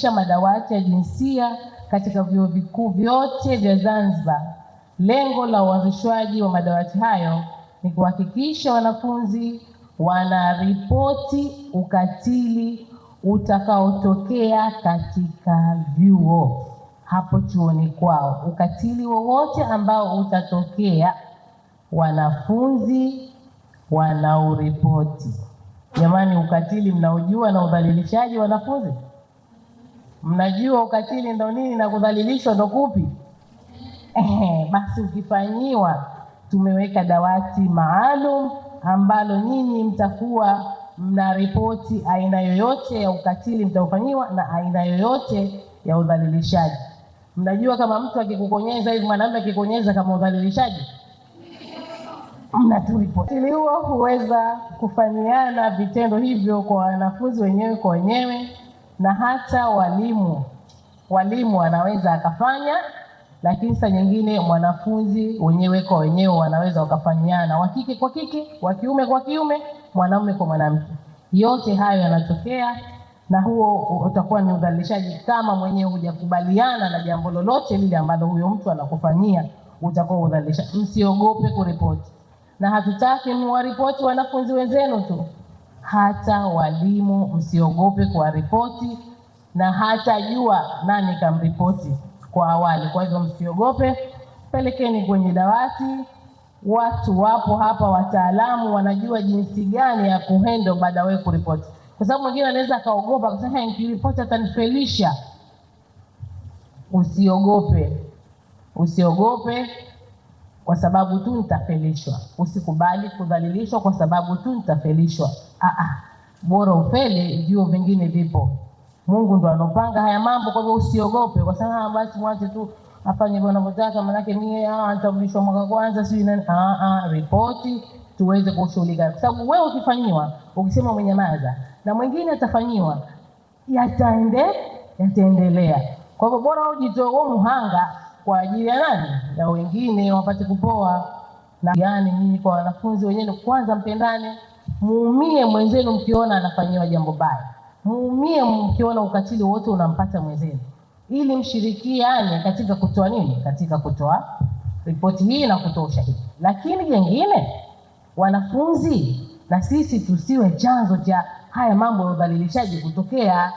kuanzisha madawati ya jinsia katika vyuo vikuu vyote vya Zanzibar. Lengo la uanzishwaji wa madawati hayo ni kuhakikisha wanafunzi wanaripoti ukatili utakaotokea katika vyuo hapo chuoni kwao. Ukatili wowote ambao utatokea, wanafunzi wanauripoti. Jamani, ukatili mnaojua na udhalilishaji wanafunzi Mnajua ukatili ndo nini na kudhalilishwa ndo kupi? Ehe, basi ukifanyiwa, tumeweka dawati maalum ambalo nyinyi mtakuwa mna ripoti aina yoyote ya ukatili mtaofanyiwa na aina yoyote ya udhalilishaji. Mnajua kama mtu akikukonyeza hivi, mwanaume akikonyeza kama udhalilishaji, mnaturipoti huo. Huweza kufanyiana vitendo hivyo kwa wanafunzi wenyewe kwa wenyewe na hata walimu walimu anaweza akafanya, lakini saa nyingine mwanafunzi wenyewe kwa wenyewe wanaweza wakafanyiana, wa kike kwa kike, wa kiume kwa kiume, mwanaume kwa mwanamke. Yote hayo yanatokea, na huo utakuwa ni udhalilishaji kama mwenyewe hujakubaliana na jambo lolote lile ambalo huyo mtu anakufanyia, utakuwa udhalilishaji. Msiogope kuripoti, na hatutaki mwaripoti wanafunzi wenzenu tu hata walimu msiogope ripoti na hata jua nani kamripoti kwa awali. Kwa hivyo msiogope, pelekeni kwenye dawati. Watu wapo hapa, wataalamu wanajua jinsi gani ya kuhendo baada wewe kuripoti, kwa sababu mwingine anaweza akaogopa akasema, nikiripoti atanifelisha. Usiogope, usiogope kwa sababu tu nitafelishwa. Usikubali kudhalilishwa kwa sababu tu nitafelishwa. Bora ufele, vyo vingine vipo. Mungu ndo anopanga haya mambo, kwa hivyo usiogope. Kwa sababu ah, basi mwache tu afanye wanavyotaka, maanake mie ah, nitarudishwa mwaka kwanza, sijui nani. Ripoti tuweze kushughulika, kwa sababu wewe ukifanyiwa, ukisema umenyamaza na mwingine atafanyiwa, yataende yataendelea. Kwa hivyo bora ujitoe, wewe muhanga kwa ajili ya nani, na wengine wapate kupoa. Na yani mimi kwa wanafunzi wenyewe, kwanza mpendane, muumie mwenzenu mkiona anafanyiwa jambo baya, muumie mkiona ukatili wote unampata mwenzenu, ili mshirikiane katika kutoa nini, katika kutoa ripoti hii na kutoa ushahidi. Lakini jengine, wanafunzi na sisi tusiwe chanzo cha haya mambo ya udhalilishaji kutokea.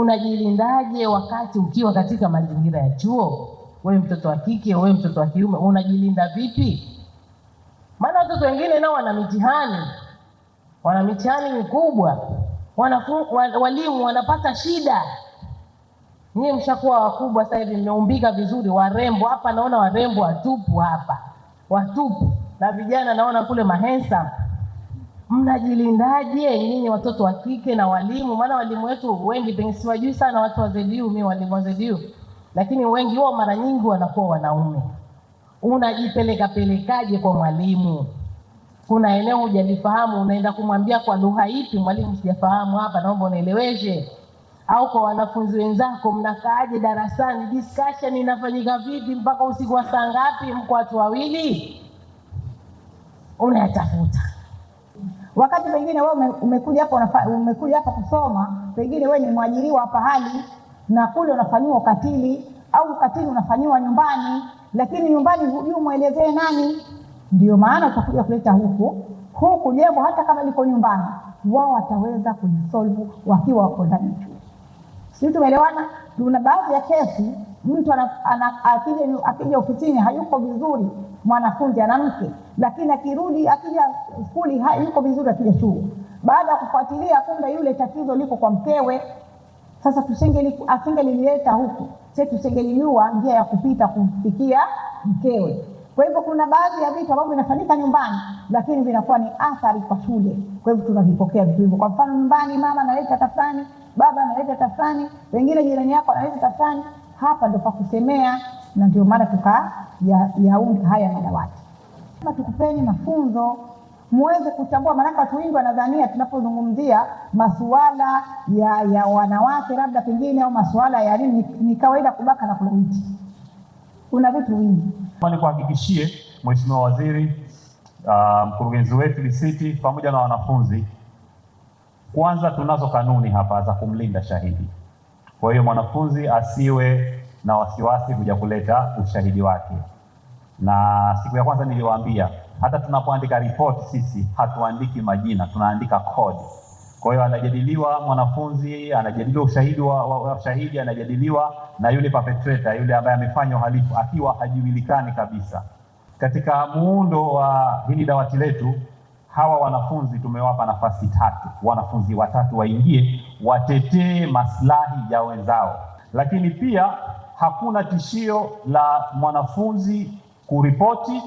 Unajilindaje wakati ukiwa katika mazingira ya chuo? Wewe mtoto wa kike, wewe mtoto wa kiume, unajilinda vipi? Maana watoto wengine nao wana mitihani, wana mitihani mikubwa, walimu wanapata shida. Nyie mshakuwa wakubwa sasa hivi, mmeumbika vizuri, warembo hapa. Naona warembo watupu hapa, watupu na vijana naona kule mahensa mnajilindaje nyinyi watoto wa kike na walimu? Maana walimu wetu wengi, pengine siwajui sana watu wa ZDU, mimi walimu wa ZDU, lakini wengi wao mara nyingi wanakuwa wanaume. Unajipeleka pelekaje kwa mwalimu? Kuna eneo hujalifahamu, unaenda kumwambia kwa lugha ipi? Mwalimu, sijafahamu hapa, naomba unaeleweshe Au kwa wanafunzi wenzako, mnakaaje darasani? Discussion inafanyika vipi mpaka usiku wa saa ngapi? Mko watu wawili, unayatafuta Wakati pengine wewe umekuja hapa umekuja hapa kusoma, pengine wewe ni mwajiriwa hapa hali na kule unafanyiwa ukatili au ukatili unafanyiwa nyumbani, lakini nyumbani hujui mwelezee nani. Ndio maana utakuja kuleta huku huku, jambo hata kama liko nyumbani, wao wataweza kujisolve wakiwa wako ndani Sisi tumeelewana. Tuna baadhi ya kesi Mtu akija ofisini hayuko vizuri, mwanafunzi anamke, lakini akirudi akija skuli hayuko vizuri, akija shule, baada ya kufuatilia, kumbe yule tatizo liko kwa mkewe. Sasa asingelilileta huku, sasa tusingelijua njia ya kupita kumfikia mkewe. Kwa hivyo kuna baadhi ya vitu ambavyo vinafanyika nyumbani, lakini vinakuwa ni athari kwa shule. Kwa hivyo tunavipokea vitu hivyo. Kwa mfano, nyumbani mama analeta tafrani, baba analeta tafrani, wengine jirani yako analeta tafrani hapa ndo pa kusemea, na ndio maana tukayaunga ya haya madawati. Kama tukupeni mafunzo muweze kutambua, maanake watu wengi wanadhania tunapozungumzia masuala ya, ya wanawake labda pengine au masuala ya nini, ni kawaida kubaka na kulawiti. Kuna vitu vingi nikuhakikishie Mheshimiwa Waziri, uh, mkurugenzi wetu Lisiti pamoja na wanafunzi, kwanza tunazo kanuni hapa za kumlinda shahidi kwa hiyo mwanafunzi asiwe na wasiwasi kuja kuleta ushahidi wake. Na siku ya kwanza niliwaambia, hata tunapoandika ripoti sisi hatuandiki majina, tunaandika code. Kwa hiyo anajadiliwa mwanafunzi, anajadiliwa ushahidi wa, wa, wa shahidi, anajadiliwa na yule perpetrator, yule ambaye amefanya uhalifu akiwa hajulikani kabisa. Katika muundo wa hili dawati letu, hawa wanafunzi tumewapa nafasi tatu, wanafunzi watatu waingie watetee maslahi ya wenzao, lakini pia hakuna tishio la mwanafunzi kuripoti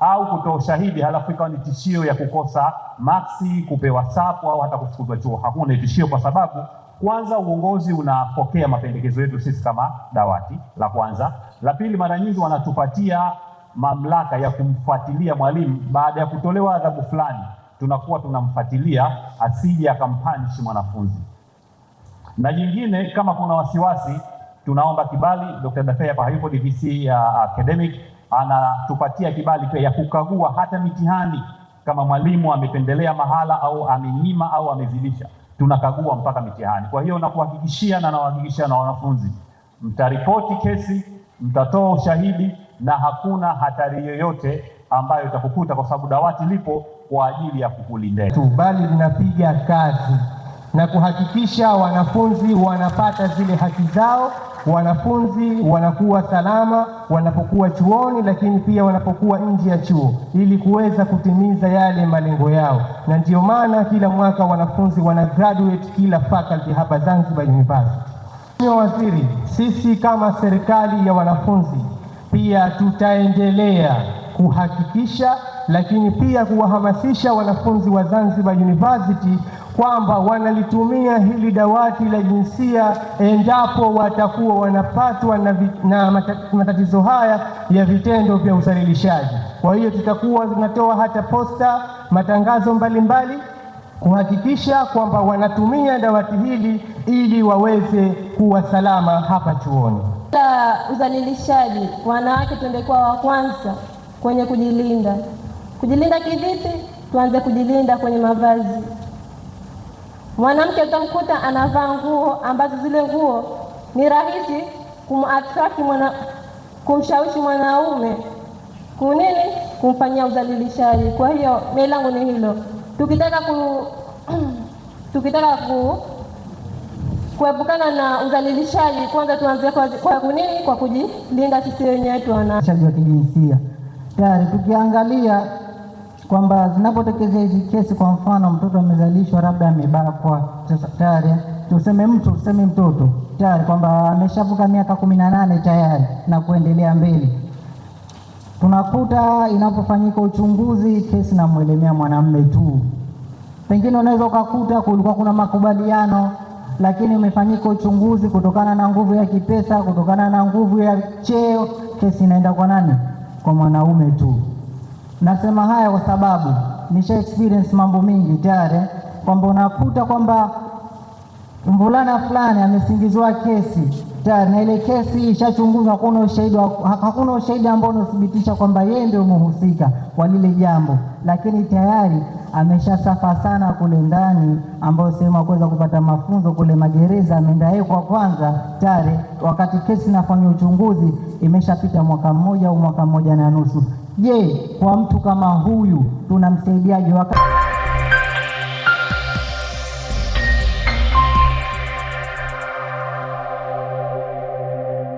au kutoa ushahidi halafu ikawa ni tishio ya kukosa maksi, kupewa sapu au hata kufukuzwa chuo. Hakuna tishio, kwa sababu kwanza uongozi unapokea mapendekezo yetu sisi kama dawati, la kwanza. La pili, mara nyingi wanatupatia mamlaka ya kumfuatilia mwalimu. Baada ya kutolewa adhabu fulani, tunakuwa tunamfuatilia asije akampanishi mwanafunzi. Na jingine kama kuna wasiwasi, tunaomba kibali. Dr. Dafei hapa hayupo, DVC ya academic anatupatia kibali pia ya kukagua hata mitihani, kama mwalimu amependelea mahala au amenyima au amezidisha, tunakagua mpaka mitihani. Kwa hiyo nakuhakikishia na nawahakikishia na wanafunzi, mtaripoti kesi, mtatoa ushahidi na hakuna hatari yoyote ambayo itakukuta kwa sababu dawati lipo kwa ajili ya kukulinda tu, bali linapiga kazi na kuhakikisha wanafunzi wanapata zile haki zao. Wanafunzi wanakuwa salama wanapokuwa chuoni, lakini pia wanapokuwa nje ya chuo, ili kuweza kutimiza yale malengo yao. Na ndio maana kila mwaka wanafunzi wana graduate kila faculty hapa Zanzibar University. Mheshimiwa Waziri, sisi kama serikali ya wanafunzi pia tutaendelea kuhakikisha lakini pia kuwahamasisha wanafunzi wa Zanzibar University kwamba wanalitumia hili dawati la jinsia endapo watakuwa wanapatwa na, na matatizo haya ya vitendo vya udhalilishaji. Kwa hiyo tutakuwa tunatoa hata posta, matangazo mbalimbali mbali, kuhakikisha kwamba wanatumia dawati hili ili waweze kuwa salama hapa chuoni. La udhalilishaji, wanawake tundekuwa wa kwanza kwenye kujilinda. Kujilinda kivipi? Tuanze kujilinda kwenye mavazi. Mwanamke utamkuta anavaa nguo ambazo zile nguo ni rahisi kumattract mwana, kumshawishi mwanaume kunini kumfanyia udhalilishaji. Kwa hiyo mimi langu ni hilo, tukitaka ku tukitaka ku kuepukana na udhalilishaji, kwanza tuanze kwa, kwa kunini kwa kujilinda sisi wenyewe tuana wa kijinsia tayari tukiangalia kwamba zinapotokezea hizi kesi, kwa mfano mtoto amezalishwa labda amebakwa tayari, tuseme mtu tuseme mtoto tayari kwamba ameshavuka miaka kumi na nane tayari na kuendelea mbele, tunakuta inapofanyika uchunguzi kesi namwelemea mwanamume tu. Pengine unaweza ukakuta kulikuwa kuna makubaliano, lakini umefanyika uchunguzi kutokana na nguvu ya kipesa, kutokana na nguvu ya cheo, kesi inaenda kwa nani? Kwa mwanaume tu. Nasema haya kwa sababu nisha experience mambo mingi tayari, kwamba unakuta kwamba mvulana fulani amesingizwa kesi tayari, na ile kesi ishachunguzwa, hakuna ushahidi, hakuna ushahidi ambao unathibitisha kwamba yeye ndio muhusika wa lile jambo, lakini tayari amesha safa sana kule ndani, ambayo sehemu akuweza kupata mafunzo kule magereza, ameenda yeye kwa kwanza tayari, wakati kesi inafanya uchunguzi imeshapita mwaka mmoja au mwaka mmoja na nusu. Je, kwa mtu kama huyu tunamsaidiaje wakati